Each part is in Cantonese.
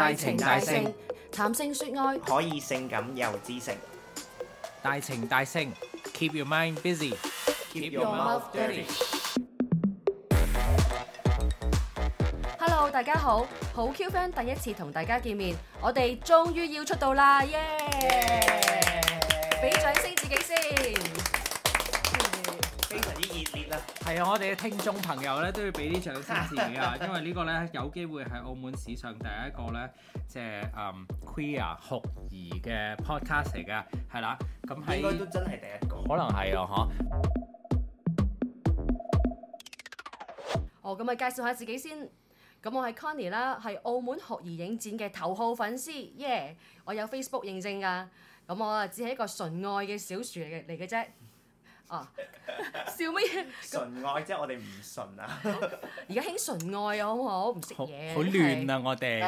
大情大性，談性説愛，可以性感又知性。大情大性，keep your mind busy，keep your mouth dirty。Hello，大家好，好 Q fan 第一次同大家見面，我哋終於要出道啦，耶！俾掌聲自己先。係啊，我哋嘅聽眾朋友咧都要俾啲獎勵自己啊，因為呢個咧有機會係澳門史上第一個咧即係嗯 queer 酷兒嘅 podcast 嚟嘅，係啦，咁係應該都真係第一個，可能係啊。嗬。哦，咁咪介紹下自己先，咁我係 Connie 啦，係澳門酷兒影展嘅頭號粉絲，耶！我有 Facebook 認證㗎，咁我啊只係一個純愛嘅小薯嚟嚟嘅啫。啊！笑咩？嘢愛？純愛 即係我哋唔純啊！而家興純愛啊，好唔好？唔識嘢。好，是好亂啊！我哋。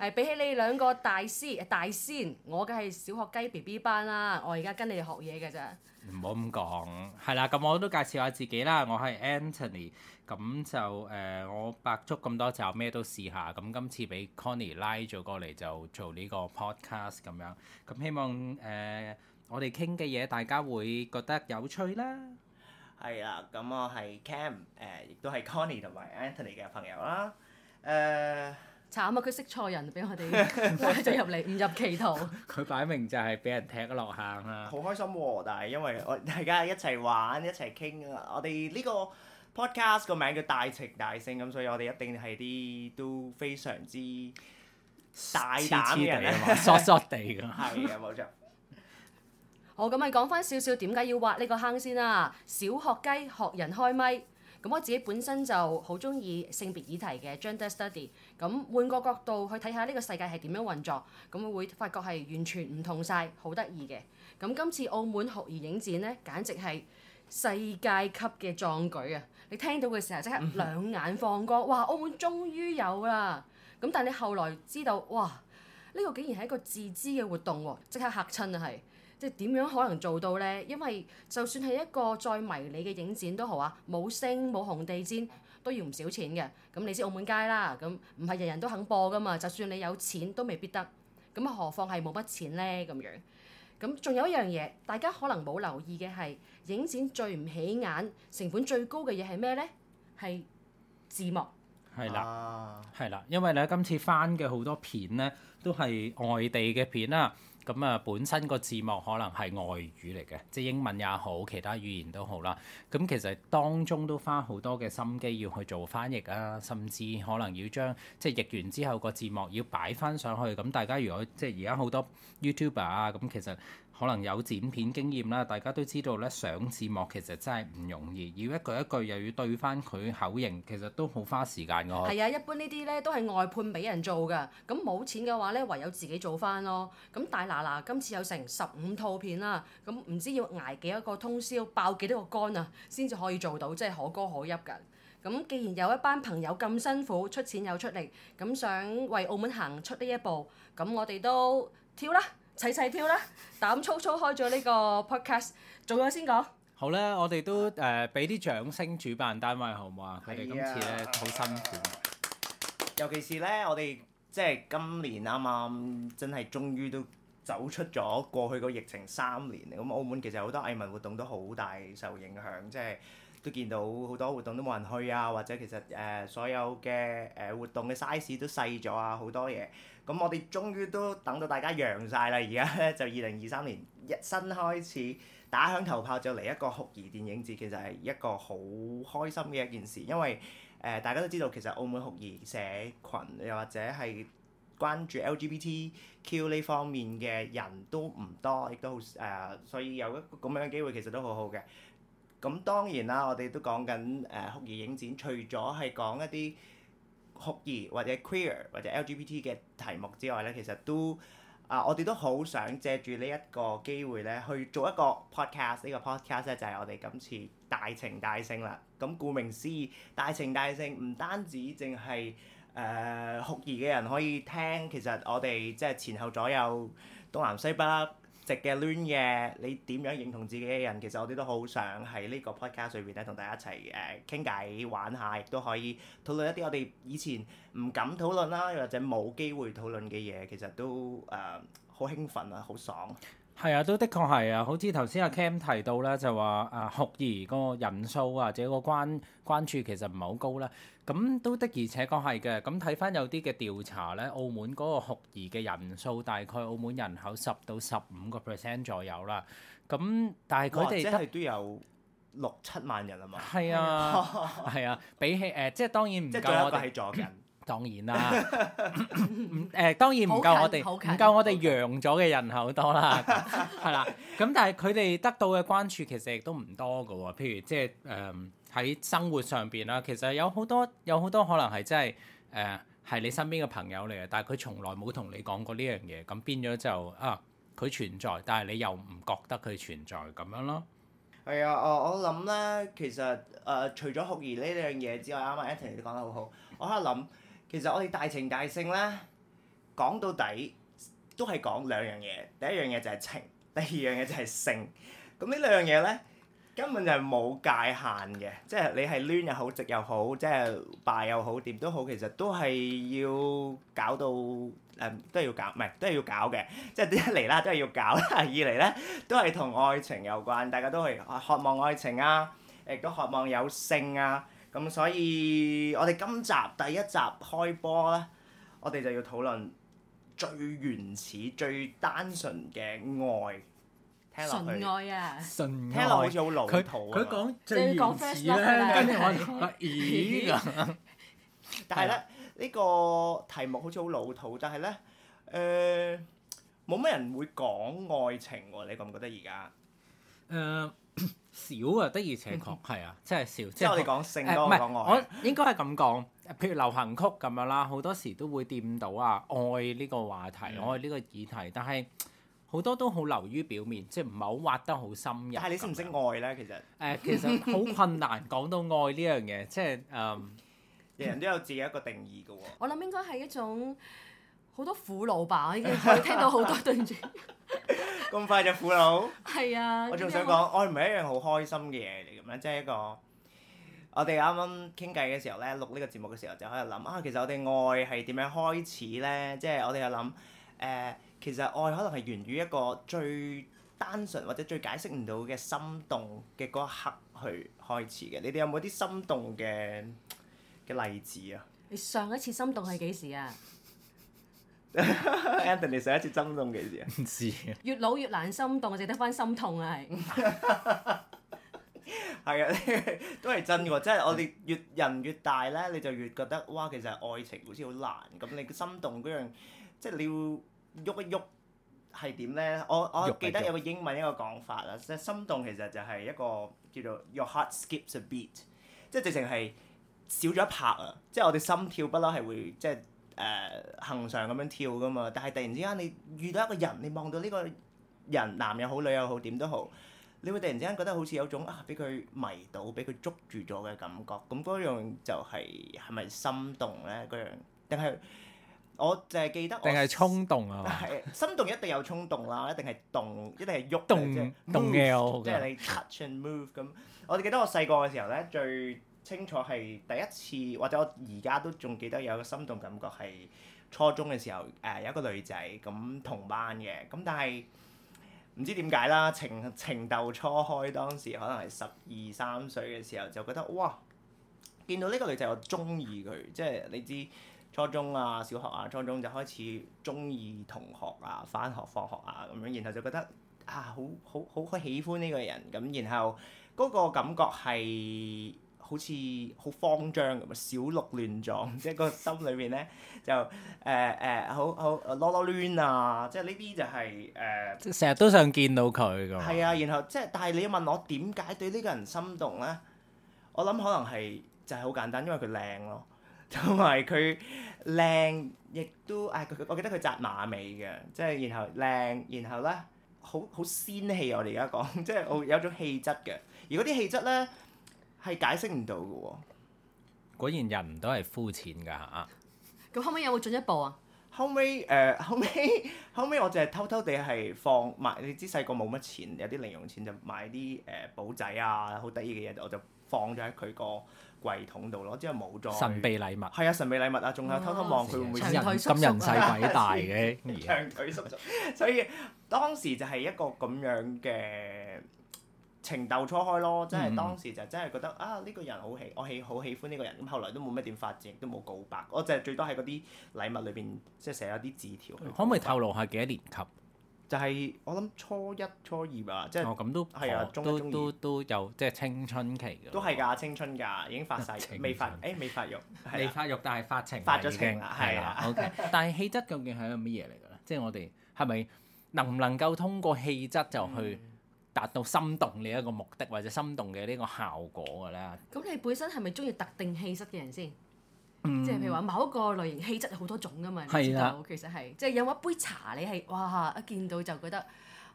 誒， 比起你兩個大師、大仙，我嘅係小學雞 B B 班啦。我而家跟你哋學嘢嘅啫。唔好咁講。係啦，咁我都介紹下自己啦。我係 Anthony，咁就誒、呃，我百足咁多爪，咩都試下。咁今次俾 Connie 拉咗過嚟，就做呢個 podcast 咁樣。咁希望誒。呃我哋傾嘅嘢，大家會覺得有趣啦。係啦，咁我係 Cam，誒、呃、亦都係 Conny 同埋 Anthony 嘅朋友啦。誒、呃，慘啊！佢識錯人，俾我哋帶咗入嚟，誤入歧途。佢擺明就係俾人踢咗落坑啦。好開心喎！但係因為我大家一齊玩，一齊傾啊！我哋呢個 podcast 個名叫大情大性，咁所以我哋一定係啲都非常之大膽嘅人，傻傻地嘅，係啊冇錯。好，咁咪講翻少少點解要挖呢個坑先啦、啊。小學雞學人開咪，咁我自己本身就好中意性別議題嘅 Gender Study，咁換個角度去睇下呢個世界係點樣運作，咁會發覺係完全唔同晒，好得意嘅。咁今次澳門酷兒影展咧，簡直係世界級嘅壯舉啊！你聽到嘅時候即刻兩眼放光，嗯、哼哇！澳門終於有啦。咁但你後來知道，哇！呢、呢個竟然係一個自資嘅活動喎，即刻嚇親啊，係。即係點樣可能做到咧？因為就算係一個再迷你嘅影展都好啊，冇星冇紅地毯都要唔少錢嘅。咁你知澳門街啦，咁唔係人人都肯播噶嘛。就算你有錢都未必得。咁何況係冇乜錢咧咁樣。咁仲有一樣嘢，大家可能冇留意嘅係影展最唔起眼、成本最高嘅嘢係咩咧？係字幕。係、啊、 啦，係啦，因為咧今次翻嘅好多片咧都係外地嘅片啦、啊。咁啊，本身個字幕可能係外語嚟嘅，即係英文也好，其他語言都好啦。咁其實當中都花好多嘅心機要去做翻譯啊，甚至可能要將即係譯完之後個字幕要擺翻上去。咁大家如果即係而家好多 YouTuber 啊，咁其實～可能有剪片經驗啦，大家都知道咧上字幕其實真係唔容易，要一句一句又要對翻佢口型，其實都好花時間㗎。係啊，一般呢啲咧都係外判俾人做㗎，咁冇錢嘅話咧唯有自己做翻咯。咁大嗱嗱，今次有成十五套片啦，咁唔知要挨幾多個通宵，爆幾多個肝啊，先至可以做到，即係可歌可泣㗎。咁既然有一班朋友咁辛苦出錢又出力，咁想為澳門行出呢一步，咁我哋都跳啦！齊齊跳啦！膽粗粗開咗呢個 podcast，做咗先講。好啦，我哋都誒俾啲掌聲，主辦單位好唔好啊？佢哋今次咧好、嗯、辛苦。尤其是咧，我哋即係今年啱啱真係終於都走出咗過去個疫情三年。咁澳門其實好多藝文活動都好大受影響，即係。都見到好多活動都冇人去啊，或者其實誒、呃、所有嘅誒、呃、活動嘅 size 都細咗啊，好多嘢。咁我哋終於都等到大家揚晒啦，而家咧就二零二三年一新開始打響頭炮，就嚟一個酷兒電影節，其實係一個好開心嘅一件事，因為誒、呃、大家都知道其實澳門酷兒社群又或者係關注 LGBTQ 呢方面嘅人都唔多，亦都好誒、呃，所以有一個咁樣嘅機會其實都好好嘅。咁當然啦，我哋都講緊誒酷兒影展，除咗係講一啲酷兒或者 queer 或者 LGBT 嘅題目之外咧，其實都啊、呃，我哋都好想借住呢一個機會咧，去做一個 podcast pod。呢個 podcast 咧就係、是、我哋今次大情大性啦。咁顧名思義，大情大性唔單止淨係誒酷兒嘅人可以聽，其實我哋即係前後左右東南西北。直嘅亂嘅，你點樣認同自己嘅人？其實我哋都好想喺呢個 podcast 上邊咧，同大家一齊誒傾偈玩下，亦都可以討論一啲我哋以前唔敢討論啦，又或者冇機會討論嘅嘢。其實都誒、呃、好興奮啊，好爽！係啊，都的確係啊，好似頭先阿 Cam 提到啦，就話誒酷兒個人數啊，或者個關關注其實唔係好高啦。咁都的而且確係嘅，咁睇翻有啲嘅調查咧，澳門嗰個酷兒嘅人數大概澳門人口十到十五個 percent 左右啦。咁但係佢哋即係都有六七萬人啊嘛。係 啊，係啊，比起誒、呃，即係當然唔夠我哋。有一人， 當然啦。誒、 呃、當然唔夠我哋唔近夠我哋陽咗嘅人口多啦，係啦。咁但係佢哋得到嘅關注其實亦都唔多嘅喎。譬如即係誒。呃嗯喺生活上邊啦，其實有好多有好多可能係真係誒，係、呃、你身邊嘅朋友嚟嘅，但係佢從來冇同你講過呢樣嘢，咁變咗就啊，佢存在，但係你又唔覺得佢存在咁樣咯。係啊，我我諗咧，其實誒、呃、除咗酷兒呢樣嘢之外，啱啱一婷都講得好好，我喺度諗，其實我哋大情大性咧，講到底都係講兩樣嘢，第一樣嘢就係情，第二樣嘢就係性，咁呢兩樣嘢咧。根本就係冇界限嘅，即係你係攣又好，直又好，即係敗又好，點都好，其實都係要搞到誒、嗯，都係要搞，唔係都係要搞嘅。即係一嚟啦，都係要搞啦；二嚟咧，都係同愛情有關，大家都係渴望愛情啊，亦都渴望有性啊。咁所以，我哋今集第一集開波咧，我哋就要討論最原始、最單純嘅愛。純愛啊！純愛好似好老土，佢，佢講最原始咧，跟住 我咦 但係咧呢，呢 個題目好似好老土，但係咧，誒冇乜人會講愛情喎？你覺唔覺得而家？誒少、呃、啊，的而且確係 啊，小即係少。即係我哋講性多唔講愛，呃，我應該係咁講。譬如流行曲咁樣啦，好多時都會掂到啊，愛呢個話題，嗯、愛呢個議題，但係。好多都好流於表面，即係唔係好挖得好深入。但係你識唔識愛咧，其實。誒、 呃，其實好困難講 到愛呢樣嘢，即係誒，嗯、人人都有自己一個定義嘅喎、哦。我諗應該係一種好多苦惱吧已經， 聽到好多對唔住。咁 快就苦惱？係 啊。我仲想講，愛唔係一樣好開心嘅嘢嚟㗎咩？即係一個，我哋啱啱傾偈嘅時候咧，錄呢個節目嘅時候就喺度諗啊，其實我哋愛係點樣開始咧？即、就、係、是、我哋又諗誒。呃呃其實愛可能係源於一個最單純或者最解釋唔到嘅心動嘅嗰一刻去開始嘅。你哋有冇啲心動嘅嘅例子啊？你上一次心動係幾時啊？Anthony，你上一次心動幾時啊？唔知啊。越老越難心動，我淨得返心痛啊！係。係啊，都係真喎。即係我哋越人越大咧，你就越覺得哇，其實愛情好似好難。咁你嘅心動嗰樣，即係你要。喐一喐係點咧？我我記得有個英文一個講法啦，玉玉即係心動其實就係一個叫做 your heart skips a beat，即係直情係少咗一拍啊！即係我哋心跳不嬲係會即係誒、呃、恆常咁樣跳噶嘛，但係突然之間你遇到一個人，你望到呢個人，男又好，女又好，點都好，你會突然之間覺得好似有種啊俾佢迷倒，俾佢捉住咗嘅感覺，咁嗰樣就係係咪心動咧？嗰樣定係？我淨係記得，我，定係衝動啊！係心動一定有衝動啦，一定係動，一定係喐動，嘅動。el，即係你 touch and move 咁。我記得我細個嘅時候咧， 最清楚係第一次，或者我而家都仲記得有個心動感覺係初中嘅時候，誒、呃、有一個女仔咁同班嘅，咁但係唔知點解啦，情情竇初開，當時可能係十二三歲嘅時候，就覺得哇，見到呢個女仔我中意佢，即係你知。初中啊、小學啊、初中就開始中意同學啊、翻學放學啊咁樣，然後就覺得啊好好好，好喜歡呢個人咁，然後嗰個感覺係好似好慌張咁，小鹿亂撞，即係個心裏面咧就誒誒、呃呃、好好囉囉攣啊，即係呢啲就係誒成日都想見到佢咁、嗯。係啊，然後即係，但係你要問我點解對呢個人心動咧？我諗可能係就係、是、好簡單，因為佢靚咯。同埋佢靚，亦都誒、啊，我記得佢紮馬尾嘅，即係然後靚，然後呢，好好仙氣。我哋而家講，即係我有種氣質嘅。而嗰啲氣質呢，係解釋唔到嘅喎。果然人都係膚淺㗎嚇。咁後尾有冇進一步啊？後尾，誒、呃，後尾後尾我淨係偷偷地係放買，你知細個冇乜錢，有啲零用錢就買啲誒簿仔啊，好得意嘅嘢我就。放咗喺佢個櫃桶度咯，之後冇咗神秘禮物，係啊，神秘禮物偷偷啊，仲有偷偷望佢會唔會咁人咁人世鬼大嘅，長腿叔叔，所以人 當時就係一個咁樣嘅情竇初開咯，即係、嗯、當時就真係覺得啊呢、呢個人好喜我喜好喜歡呢個人，咁後來都冇乜點發展，亦都冇告白，我就最多喺嗰啲禮物裏邊即係寫咗啲字條。可唔可以透露下幾多年級？就係我諗初一、初二啊，即係哦，咁都係啊，都都都有即係青春期嘅，都係㗎青春㗎，已經發晒情，未發誒未發育未發育，但係發情發咗情啦 OK 但係氣質究竟係一個乜嘢嚟㗎咧？即係我哋係咪能唔能夠通過氣質就去達到心動呢一個目的或者心動嘅呢個效果㗎咧？咁你本身係咪中意特定氣質嘅人先？嗯、即係譬如話某一個類型氣質有好多種噶嘛，的你知道其實係，即係飲一杯茶你係哇一見到就覺得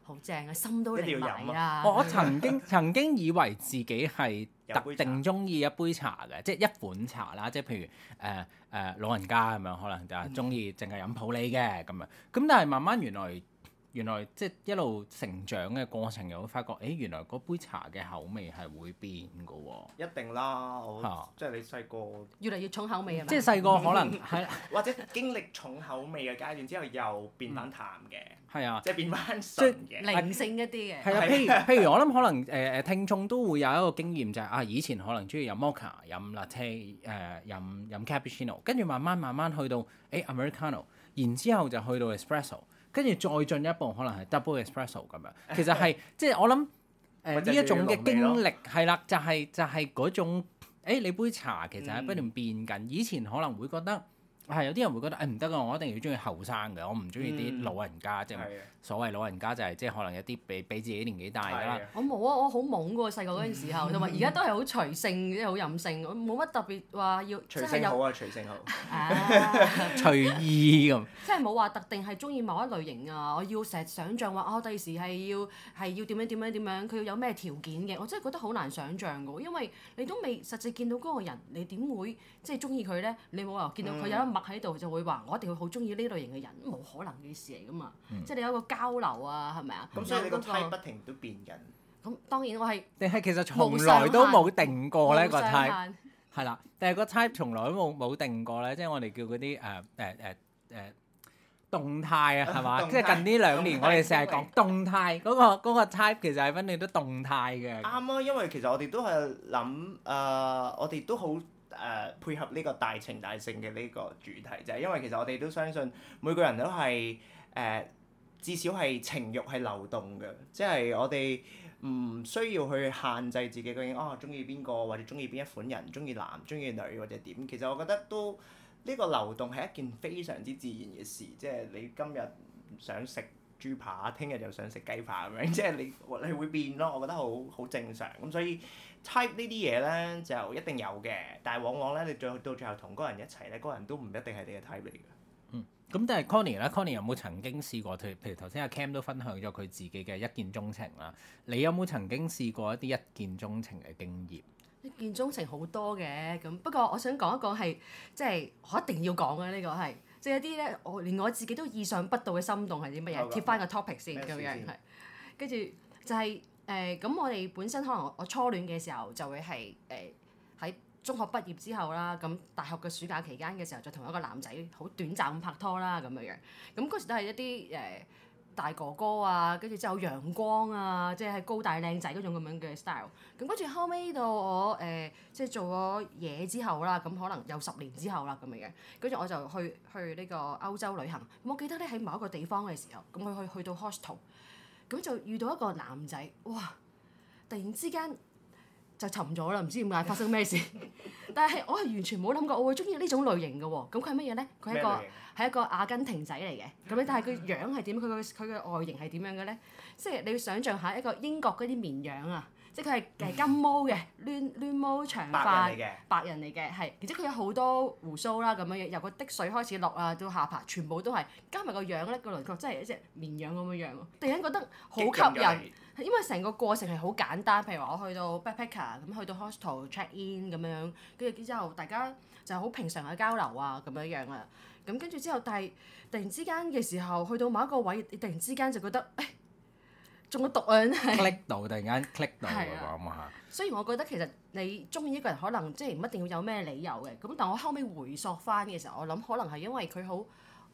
好正啊，心都嚟飲啊對、哦！我我曾經 曾經以為自己係特定中意一杯茶嘅，即係一款茶啦，即係譬如誒誒、呃呃、老人家咁樣，可能就係中意淨係飲普洱嘅咁樣，咁但係慢慢原來。原來即係一路成長嘅過程，又會發覺，誒原來嗰杯茶嘅口味係會變㗎喎。一定啦，即係你細個越嚟越重口味啊！即係細個可能，或者經歷重口味嘅階段之後，又變翻淡嘅。係啊，即係變翻即係靈性一啲嘅。係啊，譬如譬如我諗，可能誒誒聽眾都會有一個經驗，就係啊，以前可能中意飲 mocha、飲 latte、誒飲飲 cappuccino，跟住慢慢慢慢去到誒 Americano，然之後就去到 espresso。跟住再進一步，可能係 double espresso 咁樣。其實係 即係我諗誒呢一種嘅經歷係啦， 就係、是、就係、是、嗰種誒、哎、你杯茶其實係不斷變緊。嗯、以前可能會覺得。係、啊、有啲人會覺得誒唔得㗎，我一定要中意後生㗎，我唔中意啲老人家，嗯、即係所謂老人家就係、是、即係可能有啲比比自己年紀大㗎啦。嗯嗯、我冇啊，我好懵㗎喎，細個嗰陣時候，同埋而家都係好隨性，即係好任性，冇乜特別話要。隨性，有隨性好啊，隨性好。啊、 隨意咁。 即係冇話特定係中意某一類型啊！我要成日想象話，我、哦、第時係要係要點樣點樣點樣，佢要有咩條件嘅？我真係覺得好難想象㗎，因為你都未實際見到嗰個人，你點會即係中意佢咧？你冇話見到佢有一。嗯喺度就會話我一定會好鍾意呢類型嘅人，冇可能嘅事嚟噶嘛？嗯、即係你有個交流啊，係咪啊？咁所以你個 type 不停都變緊。咁、嗯那個、當然我係。定係其實從來都冇定過咧相個 type，係啦。定係相個 type 從來都冇冇定過咧，即係我哋叫嗰啲誒誒誒誒動態啊，係嘛？即係、呃、近呢兩年我哋成日講動態嗰因為、嗰個 type、嗰個、其實係分定都動態嘅。啱啊，因為其實我哋都係諗誒，我哋都好。誒、呃、配合呢個大情大性嘅呢個主題，就係因為其實我哋都相信每個人都係誒、呃、至少係情慾係流動嘅，即係我哋唔需要去限制自己究竟哦中意邊個或者中意邊一款人，中意男中意女或者點。其實我覺得都呢個流動係一件非常之自然嘅事，即係你今日想食豬扒，聽日就想食雞扒咁樣，即係你你會變咯。我覺得好好正常咁，所以。type 呢啲嘢咧就一定有嘅，但係往往咧你最後到最後同嗰個人一齊咧，嗰、嗰個人都唔一定係你嘅 type 嚟嘅。嗯，咁但係 Conny 啦、嗯，Conny 有冇曾經試過？頭譬如頭先阿 Cam 都分享咗佢自己嘅一見鍾情啦，你有冇曾經試過一啲一見鍾情嘅經驗？一見鍾情好多嘅，咁不過我想講一講係即係我一定要講嘅、這個就是、呢個係即係啲咧，我連我自己都意想不到嘅心動係啲乜嘢？貼翻我說 個 topic 先咁樣，係跟住就係、是。就是就是誒咁，呃、我哋本身可能我初戀嘅時候就會係誒喺中學畢業之後啦，咁大學嘅暑假期間嘅時候，就同一個男仔好短暫咁拍拖啦，咁樣樣。咁、那、嗰、個、時都係一啲誒、呃、大哥哥啊，跟住之後陽光啊，即係高大靚仔嗰種咁樣嘅 style。咁跟住後屘到我誒、呃、即係做咗嘢之後啦，咁可能有十年之後啦，咁樣樣。跟、那、住、個、我就去去呢個歐洲旅行。我記得咧喺某一個地方嘅時候，咁佢去去到 hostel。咁就遇到一個男仔，哇！突然之間就沉咗啦，唔知點解發生咩事。 但係我係完全冇諗過我會中意呢種類型嘅喎。咁佢係乜嘢咧？佢係一個係一個阿根廷仔嚟嘅。咁樣但係佢樣係點？佢嘅佢嘅外形係點樣嘅咧？即係你要想像一下一個英國嗰啲綿羊啊！即係佢係誒金毛嘅，攣攣毛長髮，白人嚟嘅，係，然之後佢有好多鬍鬚啦，咁樣由個滴水開始落啊，到下巴，全部都係，加埋個樣咧，個輪廓真係一隻綿羊咁樣樣，突然間覺得好吸引，因為成個過程係好簡單，譬如話我去到 backpacker 咁，去到 hostel check in 咁樣，跟住之後大家就好平常嘅交流啊咁樣樣啊，咁跟住之後，但係突然之間嘅時候，去到某一個位，突然之間就覺得誒。中咗毒啊！click 到突然間 click 到嘅話，雖然我覺得其實你中意一個人可能即係唔一定要有咩理由嘅，咁但我後尾回溯翻嘅時候，我諗可能係因為佢好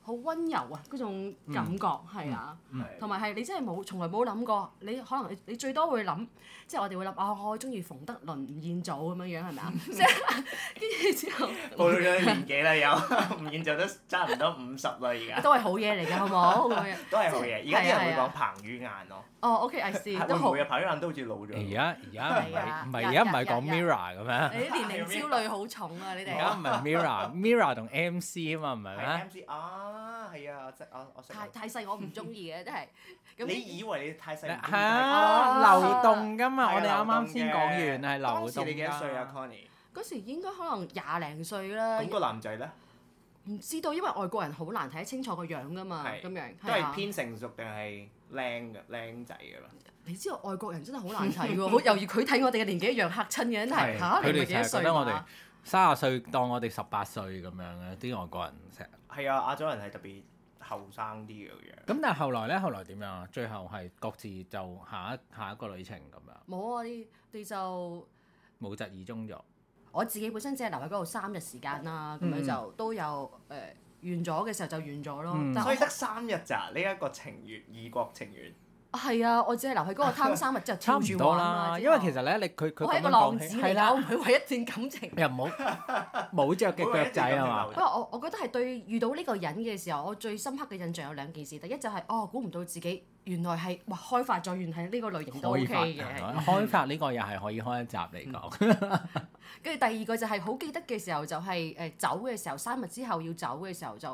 好溫柔啊，嗰種感覺係啊，同埋係你真係冇從來冇諗過，你可能你最多會諗，即係我哋會諗啊、哦，我中意馮德倫、吳彥祖咁樣樣係咪啊？跟住、嗯、 之後，到咗啲年紀啦，又吳彥祖都差唔多五十啦，而家都係好嘢嚟嘅，好冇 都係好嘢，而家有人會講彭于晏咯。哦，OK，I see 都好，眼都好似老咗。而家而家唔係唔係而家唔係講 MIRROR 咁樣？你啲年齡焦慮好重啊！你哋而家唔係 MIRROR，MIRROR 同 MC 啊嘛，唔係咩？MC 啊，係啊，我即我我太太細，我唔中意嘅真係。你以為你太細？係啊，流動噶嘛，我哋啱啱先講完係流動。嗰時幾多歲啊，Conny？嗰時應該可能廿零歲啦。咁個男仔咧？唔知道，因為外國人好難睇得清楚個樣噶嘛，咁樣都係偏成熟定係？靚嘅，靚仔㗎嘛。你知道外國人真係好難睇喎，好 猶豫佢睇我哋嘅年紀一樣嚇親嘅真係。佢哋是、啊、幾多歲哋三十歲當我哋十八歲咁樣嘅，啲外國人成日係啊，亞洲人係特別後生啲嘅樣。咁但係後來咧，後來點樣啊？最後係各自就下一下一個旅程咁樣。冇啊！你你就冇疾而終咗。我自己本身只係留喺嗰度三日時間啦，咁樣、嗯、就都有誒。呃完咗嘅時候就完咗咯，所以得三日咋，呢一個情緣，異國情緣。係啊，我只係留喺嗰個貪三日之後黐住玩啊，因為其實咧，你佢佢我係一個浪子嚟嘅，我唔係為一段感情。又冇冇著嘅腳仔啊嘛。不過我我覺得係對遇到呢個人嘅時候，我最深刻嘅印象有兩件事，第一就係哦，估唔到自己原來係哇開發咗，原來呢個類型都 OK 嘅。開發呢個又係可以開一集嚟講。跟住第二個就係好記得嘅時，時候，就係誒走嘅時候，三日之後要走嘅時候就，就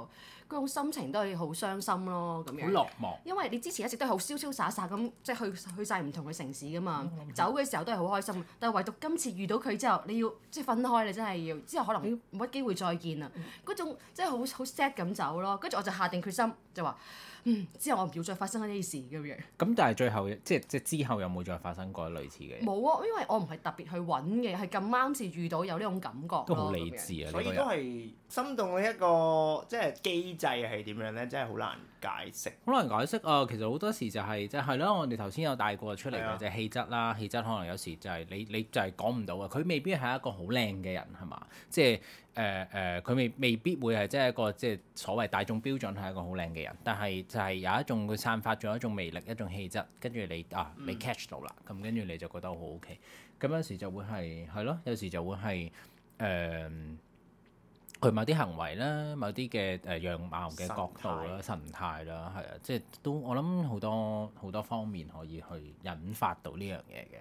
嗰種心情都係好傷心咯，咁樣。好落寞。因為你之前一直都係好瀟瀟灑灑咁，即係去去曬唔同嘅城市噶嘛，嗯、走嘅時候都係好開心。嗯、但係唯獨今次遇到佢之後，你要即係分開，你真係要之後可能冇乜機會再見啊！嗰、嗯、種即係好好 sad 咁走咯。跟住我就下定決心，就話：嗯，之後我唔要再發生呢啲事咁樣。咁但係最後即係即係之後有冇再發生過類似嘅？冇啊，因為我唔係特別去揾嘅，係咁啱。時遇到有呢種感覺，都好理智啊！所以都係心動嘅一個，即係機制係點樣咧？真係好難解釋。好難解釋啊！其實好多時就係即係咯，我哋頭先有帶過出嚟嘅，的就係氣質啦，氣質可能有時就係、是、你你就係講唔到嘅，佢未必係一個好靚嘅人，係嘛？即、就、係、是。誒誒，佢、呃、未未必會係即係一個即係所謂大眾標準係一個好靚嘅人，但係就係有一種佢散發咗一種魅力、一種氣質，跟住你啊，你 catch 到啦，咁跟住你就覺得好 ok，咁有時就會係係咯，有時就會係誒，佢、呃、某啲行為啦，某啲嘅誒樣貌嘅角度啦、神態啦，係啊，即係都我諗好多好多方面可以去引發到呢樣嘢嘅。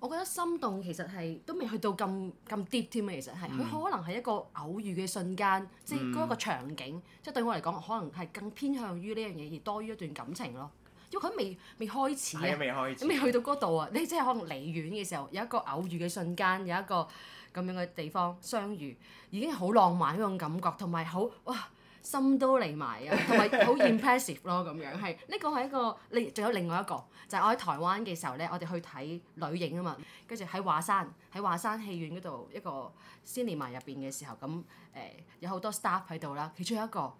我覺得心動其實係都未去到咁咁 deep 添啊，其實係佢可能係一個偶遇嘅瞬間，嗯、即嗰一個場景，嗯、即對我嚟講，可能係更偏向於呢樣嘢而多於一段感情咯，因為佢未未開始啊，未、啊、去到嗰度啊，你即係可能離遠嘅時候有一個偶遇嘅瞬間，有一個咁樣嘅地方相遇，已經係好浪漫嗰種感覺，同埋好哇。心都嚟埋啊，同埋好 impressive 咯，咁樣係呢個係一個，另仲有另外一個就係、是、我喺台灣嘅時候咧，我哋去睇女影啊嘛，跟住喺華山喺華山戲院嗰度一個 Cinema 入邊嘅時候，咁誒、呃、有好多 star 喺度啦，其中有一個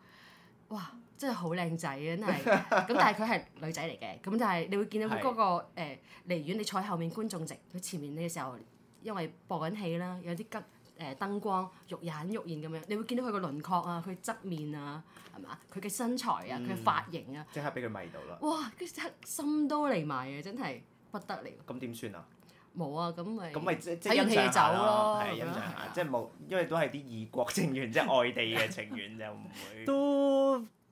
哇真係好靚仔啊，真係咁 但係佢係女仔嚟嘅，咁就係你會見到佢、那、嗰個誒是的、呃、離遠你坐喺後面觀眾席，佢前面嘅時候因為播緊戲啦，有啲急。誒、呃、燈光欲隱欲現咁樣，你會見到佢個輪廓啊，佢側面啊，係嘛？佢嘅身材啊，佢嘅髮型啊，即、嗯、刻俾佢迷到啦！哇！跟住即刻心都嚟埋啊，真係不得了！咁點算啊？冇啊，咁咪睇戲走咯，係印象下，即係冇，吧因為都係啲異國情緣， 即係外地嘅情緣就唔會。 都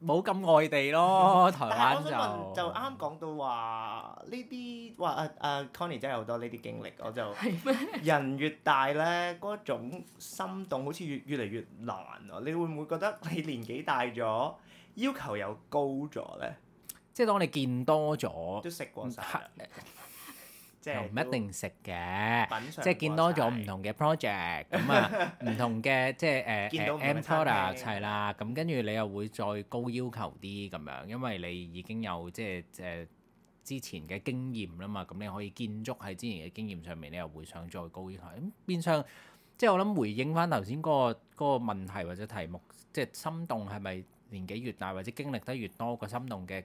冇咁外地咯，台灣就但我就啱啱講到話呢啲話誒誒，Connie 真係好多呢啲經歷，嗯、我就嗎人越大咧，嗰種心動好似越越嚟越難啊！你會唔會覺得你年紀大咗， 要求又高咗咧？即係當你見多咗，都食過晒。不 又唔一定食嘅，即係、呃、見多咗唔同嘅 project，咁啊唔同嘅即係誒誒 employer 係啦，咁跟住你又會再高要求啲咁樣，因為你已經有即係誒、呃、之前嘅經驗啦嘛，咁你可以建築喺之前嘅經驗上面，你又會想再高要求。咁變相即係我諗回應翻頭先嗰個嗰、嗰個問題或者題目，即係心動係咪年紀越大或者經歷得越多，個心動嘅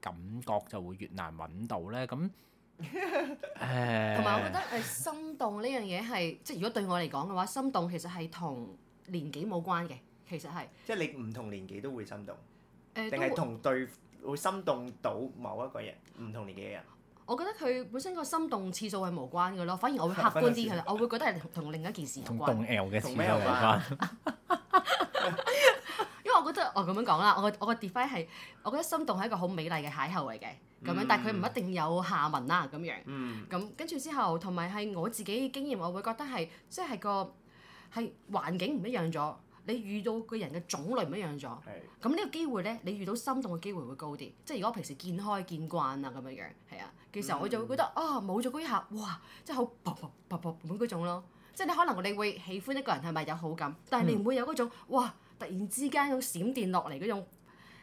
感覺就會越難揾到咧？咁同埋 我覺得誒、呃、心動呢樣嘢係，即係如果對我嚟講嘅話，心動其實係同年紀冇關嘅，其實係。即係你唔同年紀都會心動，誒定係同對會,會心動到某一個人，唔同年紀嘅人。我覺得佢本身個心動次數係無關嘅咯，反而我會客觀啲，其實我會覺得係同另一件事有關。同 L 嘅次數有關。 我咁樣講啦，我我個 define 係我覺得心動係一個好美麗嘅邂逅嚟嘅，咁樣，但佢唔一定有下文啦，咁樣。嗯。咁跟住之後，同埋係我自己經驗，我會覺得係即係個係環境唔一樣咗，你遇到嘅人嘅種類唔一樣咗。咁呢是個機會咧，你遇到心動嘅機會會高啲。即係如果平時見開見慣啦，咁樣樣係啊嘅時候，其實我就會覺得啊冇咗嗰一刻，哇！即係好啵啵啵啵咁嗰種咯。即係你可能你會喜歡一個人係咪有好感？但係你唔會有嗰種、嗯、哇。突然之間，有閃電落嚟嗰種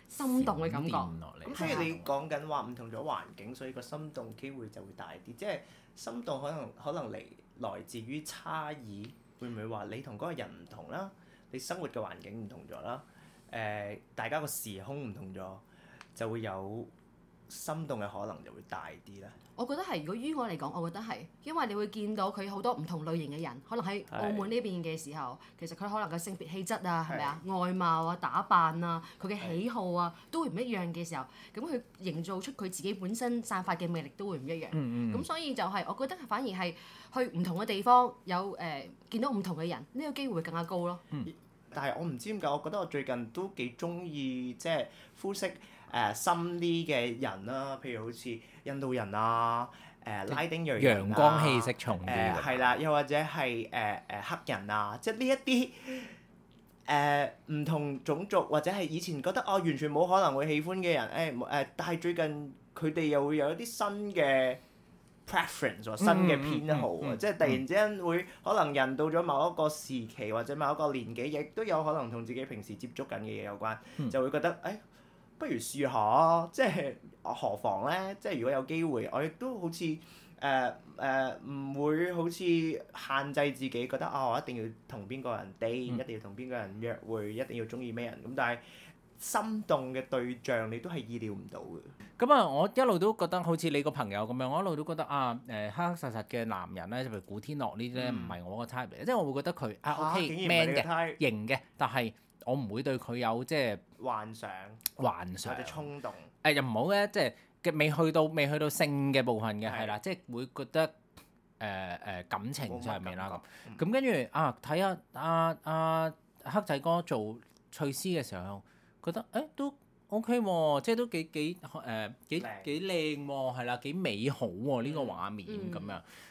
心動嘅感覺。閃電落嚟。咁所以你講緊話唔同咗環境，所以個心動機會就會大啲。即係心動可能可能嚟來，來自於差異，會唔會話你同嗰個人唔同啦？你生活嘅環境唔同咗啦。誒、呃，大家個時空唔同咗，就會有。心動嘅可能就會大啲啦。我覺得係，如果於我嚟講，我覺得係，因為你會見到佢好多唔同類型嘅人，可能喺澳門呢邊嘅時候，是的 其實佢可能嘅性別氣質啊，係咪啊，外貌啊、打扮啊，佢嘅喜好啊，是的 都會唔一樣嘅時候，咁佢營造出佢自己本身散發嘅魅力都會唔一樣。嗯咁、嗯嗯、所以就係、係，我覺得反而係去唔同嘅地方有，有、呃、誒見到唔同嘅人，呢、呢個機會,會更加高咯。嗯嗯、但係我唔知點解，我覺得我最近都幾中意即係膚色。誒、呃、深啲嘅人啦、啊，譬如好似印度人啊、誒、呃、拉丁裔人、啊、陽光氣息重啲，係啦，又或者係誒誒黑人啊，即係呢一啲誒唔同種族或者係以前覺得哦完全冇可能會喜歡嘅人，誒、哎、誒、呃，但係最近佢哋又會有一啲新嘅 preference，新嘅偏好啊，嗯嗯嗯嗯、即係突然之間會、嗯、可能人到咗某一個時期或者某一個年紀，亦都有可能同自己平時接觸緊嘅嘢有關，就會覺得誒。哎哎不如試下，即係何妨咧？即係如果有機會，我亦都好似誒誒，唔、呃呃、會好似限制自己，覺得啊、哦，我一定要同邊個人 date，嗯、一定要同邊個人約會，一定要中意咩人。咁但係心動嘅對象，你都係意料唔到嘅。咁啊，我一路都覺得好似你個朋友咁樣，我一路都覺得啊，誒、呃，黑黑實實嘅男人咧，譬如古天樂呢啲咧，唔係、嗯、我個 type 嚟嘅，嗯、即係我會覺得佢啊，OK，man 嘅型嘅，但係。我唔會對佢有即係幻想、幻想或者衝動，誒又唔好咧，即係嘅未去到未去到性嘅部分嘅，係啦的，的即係會覺得誒誒、呃、感情上面未啦咁。咁跟住啊，睇下啊啊黑仔哥做翠絲嘅時候，覺得誒、欸、都 OK 喎、啊，即係都幾幾誒、呃、幾幾靚喎，係啦美，幾美好喎、啊、呢、這個畫面咁、嗯嗯、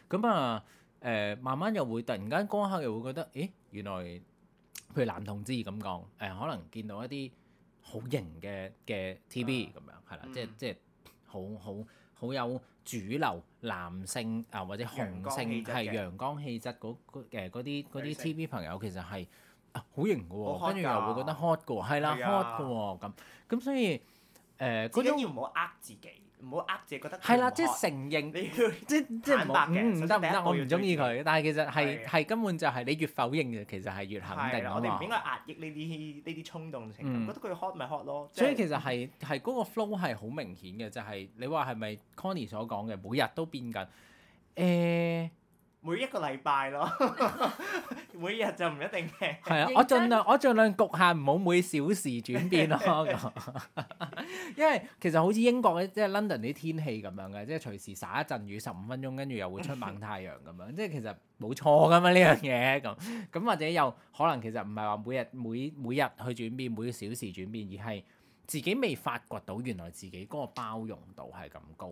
樣。咁啊誒慢慢又會突然間嗰刻又會覺得，咦、欸、原來。佢男同志咁講，誒、呃、可能見到一啲好型嘅嘅 TV 咁、啊、樣，係啦，嗯、即即好好好有主流男性啊、呃、或者雄性係陽光氣質嗰嘅嗰啲嗰啲 TV 朋友其實係啊好型嘅喎，跟住又會覺得 hot 嘅，係啦 hot 嘅喎咁咁，的所以誒嗰啲要唔好呃自己。唔好呃自己覺得係啦，即係承認你要，即即唔好唔唔得唔得，我唔中意佢，但係其實係係根本就係你越否認，其實係越肯定。的我哋說唔應該壓抑呢啲呢啲衝動情感，嗯、覺得佢 hot 咪 hot 咯，就係。所以其實係係嗰個 flow 係好明顯嘅，就係、係、你話係咪 Conny 所講嘅，每日都變緊。誒、欸。每一個禮拜咯，每日就唔一定嘅。係啊，我儘量我儘量局限唔好每小時轉變咯，咁。因為其實好似英國，即係 London 啲天氣咁樣嘅，即係隨時灑一陣雨十五分鐘，跟住又會出猛太陽咁樣。即係其實冇錯噶嘛呢樣嘢咁。咁或者又可能其實唔係話每日每每日去轉變，每小時轉變，而係自己未發掘到原來自己嗰個包容度係咁高。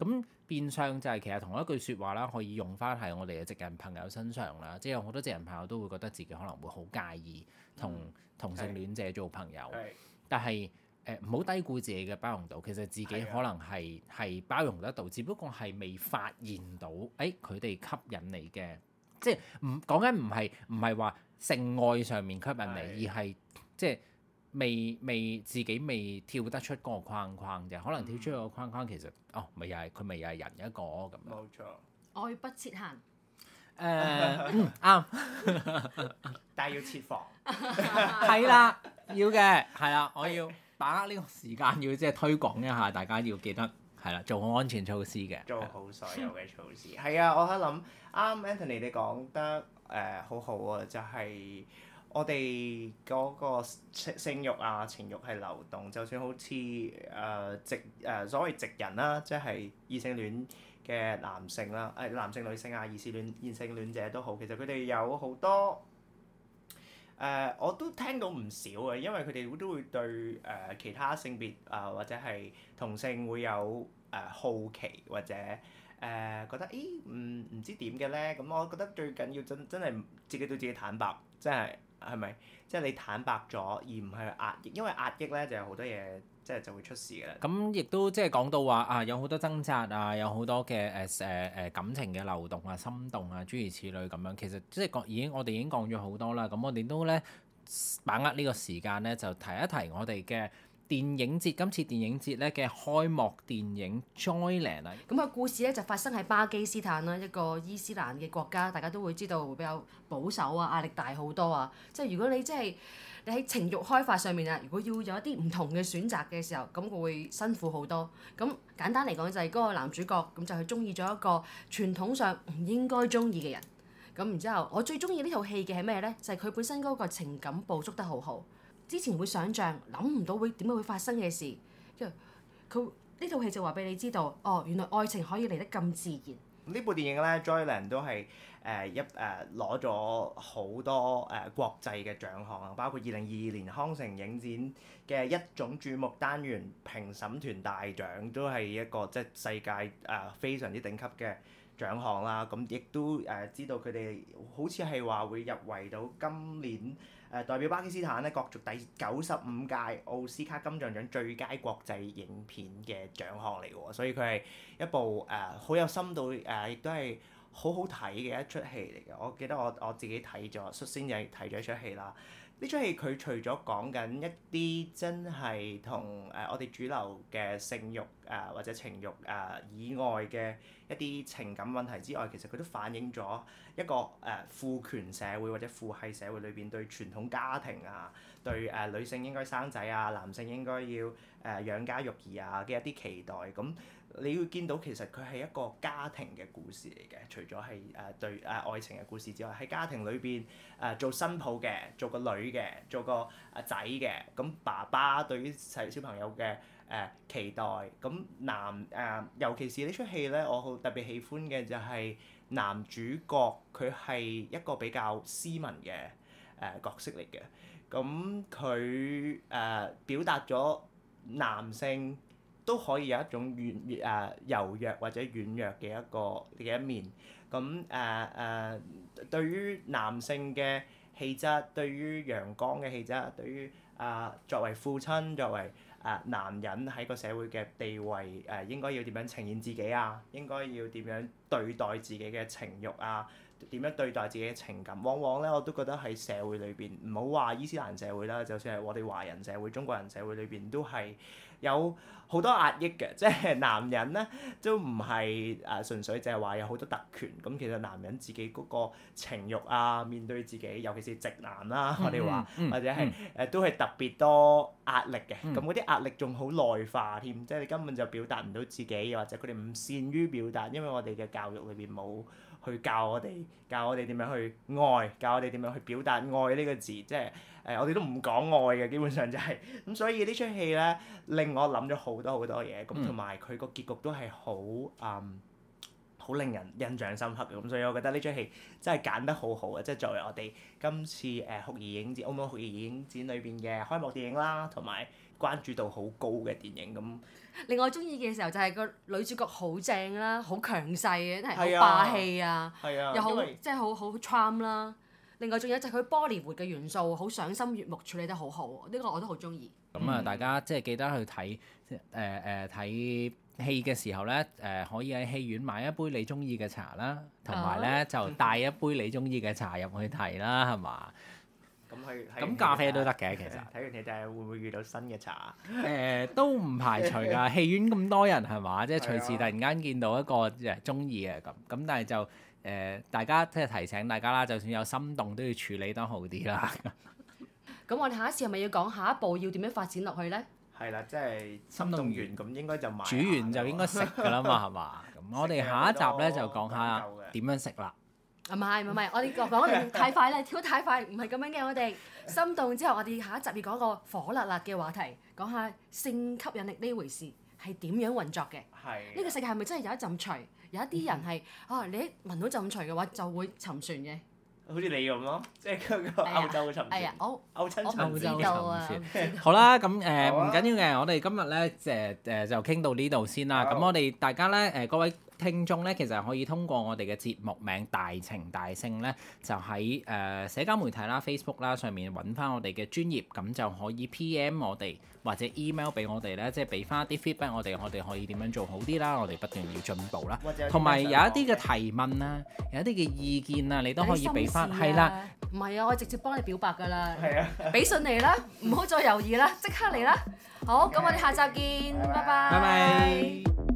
咁。變相就係其實同一句説話啦，可以用翻喺我哋嘅直人朋友身上啦，即係有好多直人朋友都會覺得自己可能會好介意同、嗯、同性戀者做朋友，嗯、但係誒唔好低估自己嘅包容度，其實自己可能係係、嗯、包容得到，只不過係未發現到誒佢哋吸引你嘅，即係唔講緊唔係唔係話性愛上面吸引你，嗯、而係即係。未未自己未跳得出個框框啫，可能跳出個框框其實哦，咪又係佢，咪又係人一個咁。冇錯，愛不設限。誒，啱，但係要設防。係啦，要嘅，係啦，我要把握呢個時間，要即係推廣一下，大家要記得係啦，做好安全措施嘅。做好所有嘅措施係啊，我喺諗，啱。Anthony 你講得誒好好啊，就係。我哋嗰個性性慾啊、情慾係流動，就算好似誒直誒所謂直人啦、啊，即係異性戀嘅男性啦、啊，誒男性、女性啊、異性戀、異性戀者都好，其實佢哋有好多誒、呃，我都聽到唔少嘅，因為佢哋都會對誒、呃、其他性別啊、呃，或者係同性會有誒、呃、好奇或者誒、呃、覺得咦，唔、嗯、唔知點嘅咧，咁我覺得最緊要真真係自己對自己坦白，真係。係咪？即係你坦白咗，而唔係去壓抑，因為壓抑咧，就有好多嘢，即係就會出事嘅啦。咁亦都即係講到話啊，有好多掙扎啊，有好多嘅誒誒誒感情嘅漏洞啊、心動啊，諸如此類咁樣。其實即係講已經，我哋已經講咗好多啦。咁我哋都咧把握呢個時間咧，就提一提我哋嘅。電影節，今次電影節咧嘅開幕電影《Joyland》啊，咁個故事咧就發生喺巴基斯坦啦，一個伊斯蘭嘅國家，大家都會知道會比較保守啊，壓力大好多啊。即係如果你即係你喺情欲開發上面啊，如果要有一啲唔同嘅選擇嘅時候，咁佢會會辛苦好多。咁簡單嚟講就係嗰個男主角，咁就佢中意咗一個傳統上唔應該中意嘅人。咁然之後，我最中意呢套戲嘅係咩咧？就係佢本身嗰個情感捕捉得好好。之前會想像，諗唔到會點解會發生嘅事。因為佢呢套戲就話俾你知道，哦，原來愛情可以嚟得咁自然。呢部電影咧，Joyland 都係誒一誒攞咗好多誒、呃、國際嘅獎項，包括二零二二年康城影展嘅一種注目單元評審團大獎，都係一個即係世界誒、呃、非常之頂級嘅獎項啦，咁亦都誒知道佢哋好似係話會入圍到今年誒代表巴基斯坦咧，角逐第九十五屆奧斯卡金像獎最佳國際影片嘅獎項嚟嘅喎，所以佢係一部誒好有深度誒，亦都係好好睇嘅一出戲嚟嘅。我記得我我自己睇咗，率先就係睇咗一出戲啦。呢出戲佢除咗講緊一啲真係同誒我哋主流嘅性慾啊、呃、或者情慾啊、呃、以外嘅一啲情感問題之外，其實佢都反映咗一個誒、呃、父權社會或者父系社會裏邊對傳統家庭啊，對誒女性應該生仔啊，男性應該要誒養家育兒啊嘅一啲期待咁，你會見到其實佢係一個家庭嘅故事嚟嘅，除咗係誒對誒、呃、愛情嘅故事之外，喺家庭裏邊誒做新抱嘅，做個女嘅，做個誒仔嘅，咁爸爸對於細小朋友嘅誒、呃、期待咁男誒、呃，尤其是出戲呢出戲咧，我好特別喜歡嘅就係男主角佢係一個比較斯文嘅誒、呃、角色嚟嘅。咁佢誒表達咗男性都可以有一種軟誒、呃、柔弱或者軟弱嘅一個嘅一面。咁誒誒，對於男性嘅氣質，對於陽剛嘅氣質，對於啊作為父親、作為誒、呃、男人喺個社會嘅地位誒、呃，應該要點樣呈現自己啊？應該要點樣對待自己嘅情慾啊？點樣對待自己嘅情感？往往咧，我都覺得喺社會裏邊，唔好話伊斯蘭社會啦，就算係我哋華人社會、中國人社會裏邊，都係有好多壓抑嘅。即係男人咧，都唔係誒純粹就係話有好多特權。咁、嗯、其實男人自己嗰個情慾啊，面對自己，尤其是直男啦，我哋話、嗯嗯嗯、或者係誒、嗯、都係特別多壓力嘅。咁嗰啲壓力仲好內化添，即係你根本就表達唔到自己，又或者佢哋唔善於表達，因為我哋嘅教育裏邊冇。去教我哋，教我哋點樣去愛，教我哋點樣去表達愛呢個字，即係誒、呃、我哋都唔講愛嘅，基本上就係、是、咁，所以呢出戲咧令我諗咗好多好多嘢，咁同埋佢個結局都係好誒，好、嗯、令人印象深刻嘅，咁所以我覺得呢出戲真係揀得好好嘅，即係作為我哋今次誒酷兒影展澳門酷兒影展裏邊嘅開幕電影啦，同埋。關注度好高嘅電影咁，另外中意嘅時候就係個女主角好正啦、啊，好強勢嘅，真係好霸氣啊！係啊，又好很為即係好好 charm 啦、啊。另外仲有就佢 Bollywood 嘅元素，好賞心悅目，處理得好好、啊，呢、這個我都好中意。咁啊、嗯，大家即係記得去睇誒誒睇戲嘅時候咧，誒、呃、可以喺戲院買一杯你中意嘅茶啦，同埋咧就帶一杯你中意嘅茶入去睇啦，係嘛？咁咖啡都得嘅，其實睇完你就係會唔會遇到新嘅茶？誒都唔排除㗎，戲院咁多人係嘛，即係隨時突然間見到一個誒鍾意嘅咁，咁但係就誒大家即係提醒大家啦，就算有心動都要處理得好啲啦。咁我哋下一次係咪要講下一步要點樣發展落去咧？係啦，即係心動完咁應該就買，煮完就應該食㗎啦嘛，係嘛？咁我哋下一集咧就講下點樣食啦。唔係唔係，我哋講太快啦，跳太快，唔係咁樣嘅。我哋心動之後，我哋下一集要講個火辣辣嘅話題，講下性吸引力呢回事係點樣運作嘅。呢個世界係咪真係有一陣除？有一啲人係你一聞到陣除嘅話就會沉船嘅。好似你咁咯，即係嗰個歐洲嘅沉船。係啊。歐歐洲沉船。我我知道啊。好啦，咁誒唔緊要嘅，我哋今日咧就傾到呢度先啦。咁我哋大家咧誒各位聽眾咧，其實可以通過我哋嘅節目名《大情大性》咧，就喺誒、呃、社交媒體啦、Facebook 啦上面揾翻我哋嘅專頁，咁就可以 PM 我哋或者 email 俾我哋咧，即係俾翻啲 feedback 我哋，我哋可以點樣做好啲啦，我哋不斷要進步啦。同埋有，有，有一啲嘅提問啊，有一啲嘅意見啊，你都可以俾翻。係啦，唔係啊，我直接幫你表白㗎啦。係是啊，俾 信你啦，唔好再猶豫啦，即刻嚟啦。好，咁我哋下集見，拜拜。拜拜。拜拜。